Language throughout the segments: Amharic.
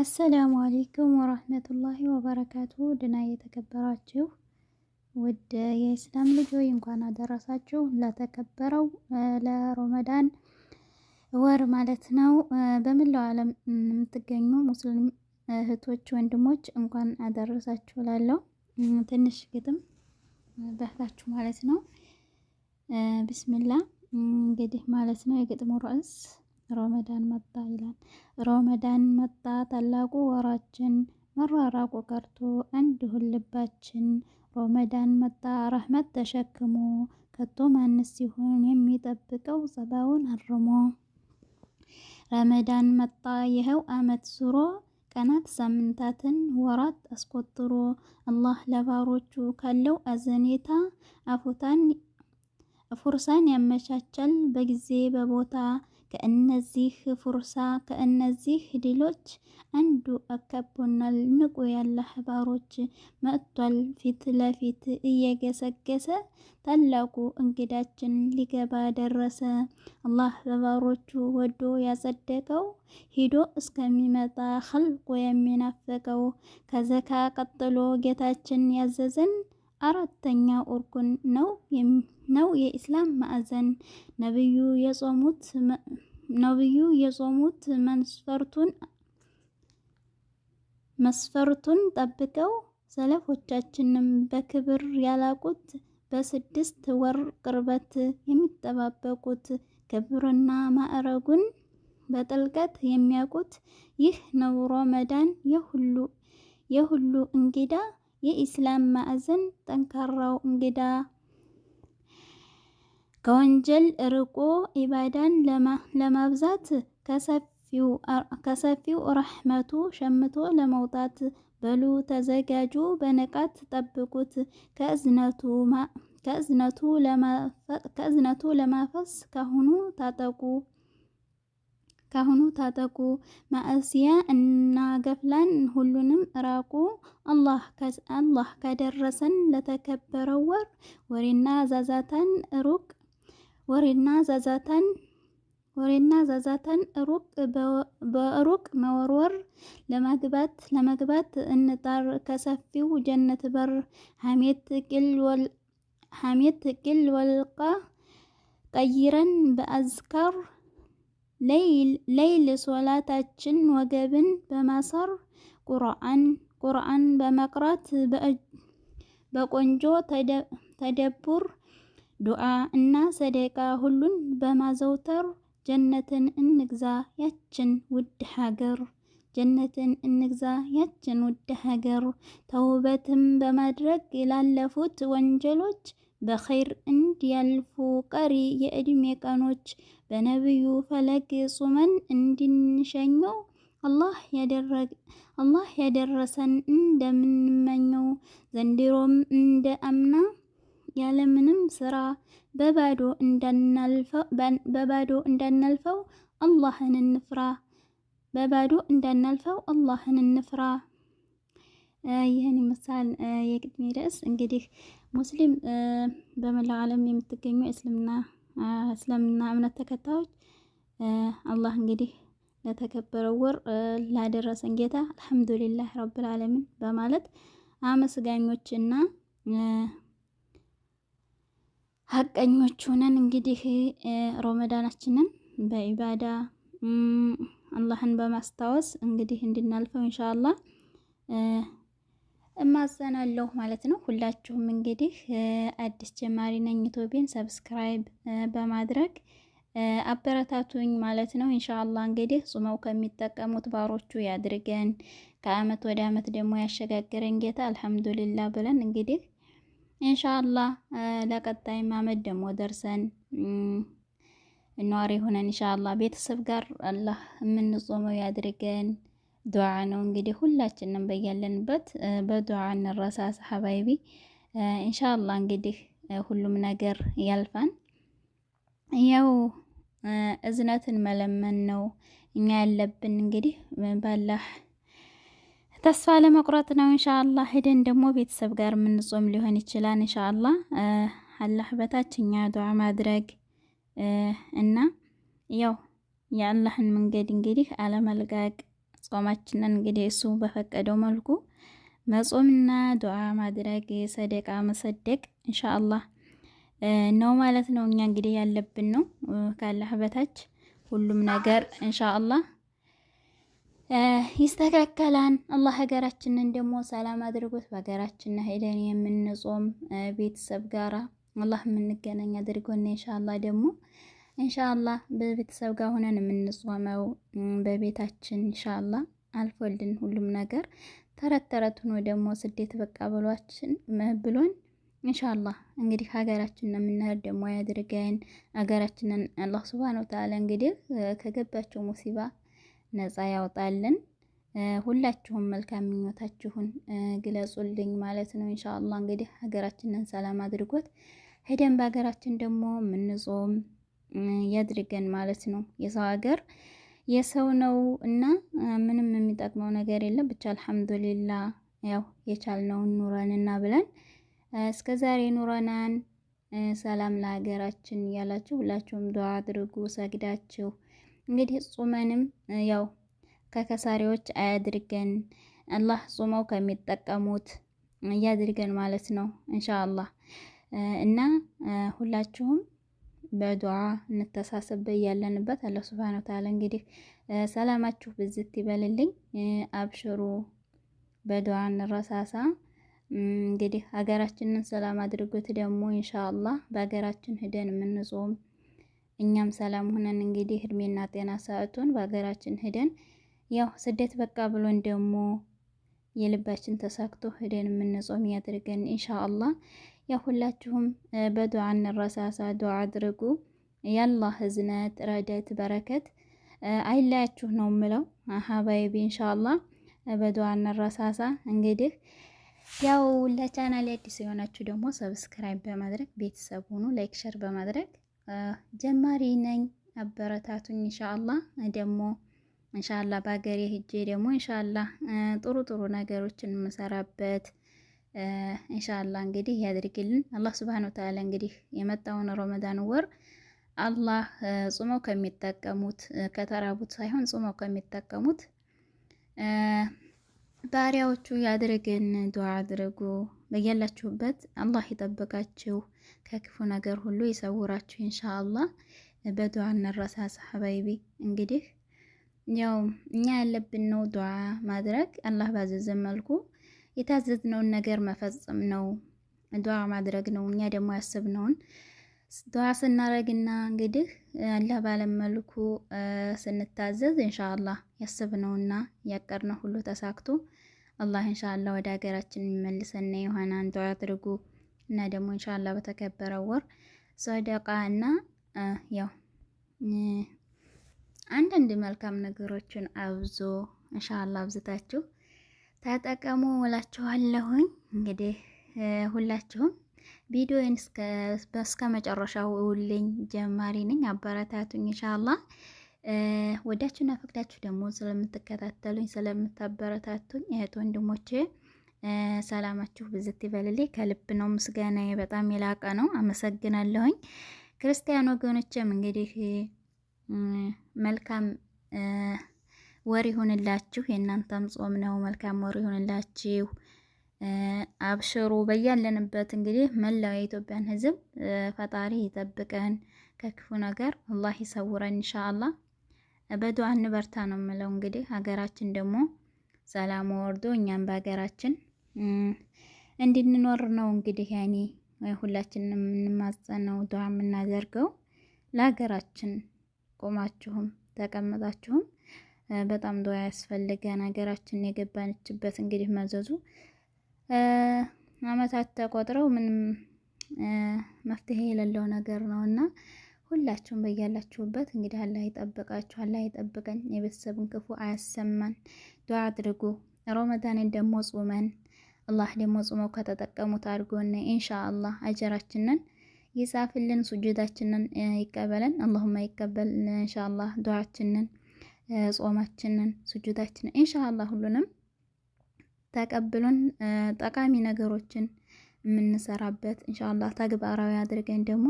አሰላሙ አሌይኩም ወራህመቱላሂ ወበረካቱ ድና የተከበራችሁ ውድ የእስላም ልጅ እንኳን አደረሳችሁ ለተከበረው ለሮመዳን ወር ማለት ነው። በመላው ዓለም የምትገኙ ሙስሊም እህቶች ወንድሞች እንኳን አደረሳችሁ እላለሁ። ትንሽ ግጥም በህታችሁ ማለት ነው። ብስሚላ እንግዲህ ማለት ነው የግጥሙ ርዕስ ሮመዳን መጣ ይላል። ሮመዳን መጣ ታላቁ ወራችን መራራቁ ቀርቶ አንድ ሁልባችን ሮመዳን መጣ ረህመት ተሸክሞ ከቶ ማንስ ሲሆን የሚጠብቀው ጸባውን አርሞ ረመዳን መጣ ይኸው አመት ዙሮ ቀናት ሳምንታትን ወራት አስቆጥሮ አላህ ለባሮቹ ካለው አዘኔታ አፉታን ፉርሳን ያመቻቻል በጊዜ በቦታ ከእነዚህ ፉርሳ ከእነዚህ ድሎች አንዱ አካቦናል። ንቁ ያላህ ባሮች መጥቷል ፊት ለፊት እየገሰገሰ ታላቁ እንግዳችን ሊገባ ደረሰ። አላህ በባሮቹ ወዶ ያጸደቀው ሂዶ እስከሚመጣ ኸልቆ የሚናፈቀው ከዘካ ቀጥሎ ጌታችን ያዘዘን አራተኛ ኦርኩን ነው ነው የኢስላም ማዕዘን ነብዩ የጾሙት ነብዩ የጾሙት መስፈርቱን መስፈርቱን ጠብቀው ሰለፎቻችንም በክብር ያላቁት በስድስት ወር ቅርበት የሚጠባበቁት ክብርና ማዕረጉን በጥልቀት የሚያውቁት ይህ ነው ሮመዳን የሁሉ የሁሉ እንግዳ የኢስላም ማዕዘን ጠንካራው እንግዳ ከወንጀል ርቆ ኢባዳን ለማብዛት ከሰፊው ረሕመቱ ሸምቶ ለመውጣት በሉ ተዘጋጁ፣ በንቃት ጠብቁት። ከእዝነቱ ለማፈስ ካሁኑ ታጠቁ። ካሁኑ ታጠቁ፣ ማእስያ እና ገፍላን ሁሉንም ራቁ። አላህ ከደረሰን ለተከበረው ወር ወሬና ዛዛታን ሩቅ ወሬና ዛዛታን ወሬና ዛዛታን ሩቅ በሩቅ መወርወር ለመግባት ለመግባት እንጣር ከሰፊው ጀነት በር ሐሜት ቅል ወልቃ ቀይረን በአዝካር ለይል ሶላታችን ወገብን በማሰር ቁርአን በመቅራት በቆንጆ ተደቡር ዱዓ እና ሰደቃ ሁሉን በማዘውተር ጀነትን እንግዛ ያችን ውድ ሀገር ጀነትን እንግዛ ያችን ውድ ሀገር። ተውበትም በማድረግ ላለፉት ወንጀሎች በኸይር እንዲያልፉ ቀሪ የእድሜ ቀኖች በነቢዩ ፈለግ ጹመን እንድንሸኘው አላህ ያደረሰን እንደምንመኘው ዘንድሮም እንደ አምና ያለምንም ስራ በባዶ እንዳናልፈው አላህን እንፍራ። በባዶ እንዳናልፈው አላህን እንፍራ። ይህን ይመስላል የቅድሜ ርዕስ። እንግዲህ ሙስሊም በመላው ዓለም የምትገኙ እስልምና እስልምና እምነት ተከታዮች አላህ እንግዲህ ለተከበረው ወር ላደረሰን ጌታ አልሐምዱሊላህ ረብል ዓለሚን በማለት አመስጋኞችና ሀቀኞች ሆነን እንግዲህ ሮመዳናችንን በኢባዳ አላህን በማስታወስ እንግዲህ እንድናልፈው ኢንሻአላህ እማዘናለሁ ማለት ነው። ሁላችሁም እንግዲህ አዲስ ጀማሪ ነኝ ዩቲዩብን ሰብስክራይብ በማድረግ አበረታቱኝ ማለት ነው። ኢንሻአላህ እንግዲህ ጾመው ከሚጠቀሙት ባሮቹ ያድርገን፣ ከአመት ወደ አመት ደግሞ ያሸጋግረን ጌታ አልሐምዱሊላ ብለን እንግዲህ ኢንሻአላህ ለቀጣይ አመት ደግሞ ደርሰን ነዋሪ ሆነን ኢንሻአላህ ቤተሰብ ጋር አላህ የምንጾመው ያድርገን። ዱዓ ነው እንግዲህ ሁላችንም በያለንበት በዱዓ እንረሳሳ ሀባይቢ። ኢንሻአላህ እንግዲህ ሁሉም ነገር ያልፋን። ያው እዝነትን መለመን ነው እኛ ያለብን እንግዲህ ባላህ ተስፋ ለመቁረጥ ነው። ኢንሻአላህ ሄደን ደግሞ ቤተሰብ ጋር የምንጾም ሊሆን ይችላል። ኢንሻአላህ አላህ በታችኛ ዱዓ ማድረግ እና ያው የአላህን መንገድ እንግዲህ አለመልቀቅ ጾማችንን እንግዲህ እሱ በፈቀደው መልኩ መጾምና ዱዓ ማድረግ ሰደቃ መሰደቅ ኢንሻአላህ ነው ማለት ነው። እኛ እንግዲህ ያለብን ነው ካላህ በታች ሁሉም ነገር ኢንሻአላህ ይስተካከላን። አላህ ሀገራችንን ደግሞ ሰላም አድርጎት በሀገራችን ሄደን የምንጾም ቤተሰብ ጋራ አላህ የምንገናኝ አድርጎን ኢንሻአላህ ደግሞ እንሻላ በቤተሰብ ጋር ሆነን የምንጾመው በቤታችን እንሻላ አልፎልን ሁሉም ነገር ተረት ተረት ሆኖ ደግሞ ስደት በቃ ብሏችን ብሎን እንሻላ እንግዲህ ሀገራችንን የምንሄድ ደግሞ ያድርገን። ሀገራችንን አላህ ሱብሃነሁ ወተዓላ እንግዲህ ከገባቸው ሙሲባ ነጻ ያውጣልን። ሁላችሁም መልካም ምኞታችሁን ግለጹልኝ ማለት ነው። እንሻላ እንግዲህ ሀገራችንን ሰላም አድርጎት ሄደን በሀገራችን ደግሞ የምንጾም ያድርገን ማለት ነው። የሰው ሀገር የሰው ነው እና ምንም የሚጠቅመው ነገር የለም። ብቻ አልሐምዱሊላ ያው የቻልነውን ኑረንና ብለን እስከ ዛሬ ኑረናን። ሰላም ለሀገራችን እያላችሁ ሁላችሁም ዱዓ አድርጉ ሰግዳችሁ። እንግዲህ ጹመንም ያው ከከሳሪዎች አያድርገን አላህ ጾመው ከሚጠቀሙት እያድርገን ማለት ነው አላህ እና ሁላችሁም በዱዓ እንተሳሰብ ያለንበት አላህ ሱብሓነሁ ወተዓላ እንግዲህ ሰላማችሁ ብዝት ይበልልኝ። አብሽሩ፣ በዱዓ እንረሳሳ። እንግዲህ ሀገራችንን ሰላም አድርጉት። ደግሞ ኢንሻአላህ በሀገራችን ሂደን የምንጾም እኛም ሰላም ሆነን እንግዲህ እድሜና ጤና ሰዓቱን በሀገራችን ሂደን ያው ስደት በቃ ብሎን ደግሞ የልባችን ተሳክቶ ሂደን የምንጾም ያድርገን ኢንሻአላህ። ያ ሁላችሁም በዱዓ እንረሳሳ፣ ዱዓ አድርጉ። የአላህ ህዝነት፣ ረደት፣ በረከት አይለያችሁ ነው ምለው ሀባይቢ። ኢንሻአላህ በዱዓ እንረሳሳ። እንግዲህ ያው ለቻናል አዲስ የሆናችሁ ደግሞ ሰብስክራይብ በማድረግ ቤተሰብ ሁኑ። ላይክ ሸር በማድረግ ጀማሪ ነኝ አበረታቱኝ። ኢንሻአላህ ደግሞ ኢንሻአላህ በሀገሬ ሂጄ ደግሞ ኢንሻአላህ ጥሩ ጥሩ ነገሮችን የምሰራበት እንሻአላ እንግዲህ ያድርግልን አላህ ሱብሃነሁ ወተዓላ። እንግዲህ የመጣውን ረመዳን ወር አላህ ጾመው ከሚጠቀሙት ከተራቡት ሳይሆን ጾመው ከሚጠቀሙት ባሪያዎቹ ያድርግን። ዱዓ አድርጉ። በያላችሁበት አላህ ይጠብቃችሁ፣ ከክፉ ነገር ሁሉ ይሰውራችሁ። ኢንሻአላህ በዱዓ እንረሳ ሐባይቢ። እንግዲህ ያው እኛ ያለብን ነው ዱዓ ማድረግ አላህ ባዘዘ መልኩ የታዘዝነውን ነገር መፈጸም ነው፣ ዱዓ ማድረግ ነው። እኛ ደግሞ ያስብነውን ዱዓ ስናረግና እንግዲህ አላህ ባለመልኩ መልኩ ስንታዘዝ ኢንሻአላህ ያስብነውና ያቀርነው ሁሉ ተሳክቶ አላህ ኢንሻአላህ ወደ ሀገራችን የሚመልሰን ይሆናል። ዱዓ አድርጉ እና ደግሞ ኢንሻአላህ በተከበረው ወር ሰደቃ እና ያው አንዳንድ መልካም ነገሮችን አብዞ ኢንሻአላህ አብዝታችሁ ተጠቀሙ እላችኋለሁኝ። እንግዲህ ሁላችሁም ቪዲዮን እስከ መጨረሻው ውልኝ። ጀማሪ ነኝ፣ አበረታቱኝ ኢንሻአላህ። ወዳችሁና ፈቅዳችሁ ደግሞ ስለምትከታተሉኝ ስለምታበረታቱኝ እህት ወንድሞቼ ሰላማችሁ ብዝት ይበልልኝ። ከልብ ነው ምስጋናዬ፣ በጣም የላቀ ነው። አመሰግናለሁኝ። ክርስቲያን ወገኖቼም እንግዲህ መልካም ወር ይሁንላችሁ። የእናንተም ጾም ነው። መልካም ወር ይሁንላችሁ። አብሽሩ በያለንበት እንግዲህ መላው የኢትዮጵያን ሕዝብ ፈጣሪ ይጠብቀን ከክፉ ነገር አላህ ይሰውረን። ኢንሻአላህ በዱዓ እንበርታ ነው የምለው። እንግዲህ ሀገራችን ደግሞ ሰላም ወርዶ እኛም በሀገራችን እንድንኖር ነው እንግዲህ ያኔ ሁላችንም የምንማጸነው ዱዓ የምናደርገው ለሀገራችን ቆማችሁም ተቀምጣችሁም በጣም ዶ ያስፈልገን ሀገራችን የገባንችበት እንግዲህ መዘዙ አመታት ተቆጥረው ምንም መፍትሄ የሌለው ነገር ነው እና ሁላችሁም በያላችሁበት እንግዲህ አላህ ይጠብቃችሁ፣ አላህ ይጠብቀን፣ የቤተሰብን ክፉ አያሰማን። ዱዓ አድርጉ። ሮመዳንን ደግሞ ጾመን አላህ ደግሞ ጾመው ከተጠቀሙት አድርጎን ኢንሻአላህ አጀራችንን ይጻፍልን፣ ሱጁዳችንን ይቀበለን። አላሁማ ይቀበል ኢንሻአላህ ዱዓችንን ጾማችንን፣ ስጁዳችንን ኢንሻአላህ ሁሉንም ተቀብሎን ጠቃሚ ነገሮችን የምንሰራበት ኢንሻአላህ ተግባራዊ አድርገን ደግሞ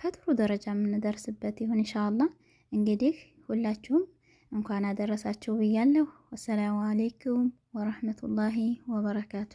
ከጥሩ ደረጃ የምንደርስበት ይሁን ኢንሻአላህ። እንግዲህ ሁላችሁም እንኳን አደረሳችሁ ብያለሁ። ወሰላሙ አሌይኩም ወረህመቱላሂ ወበረካቱ።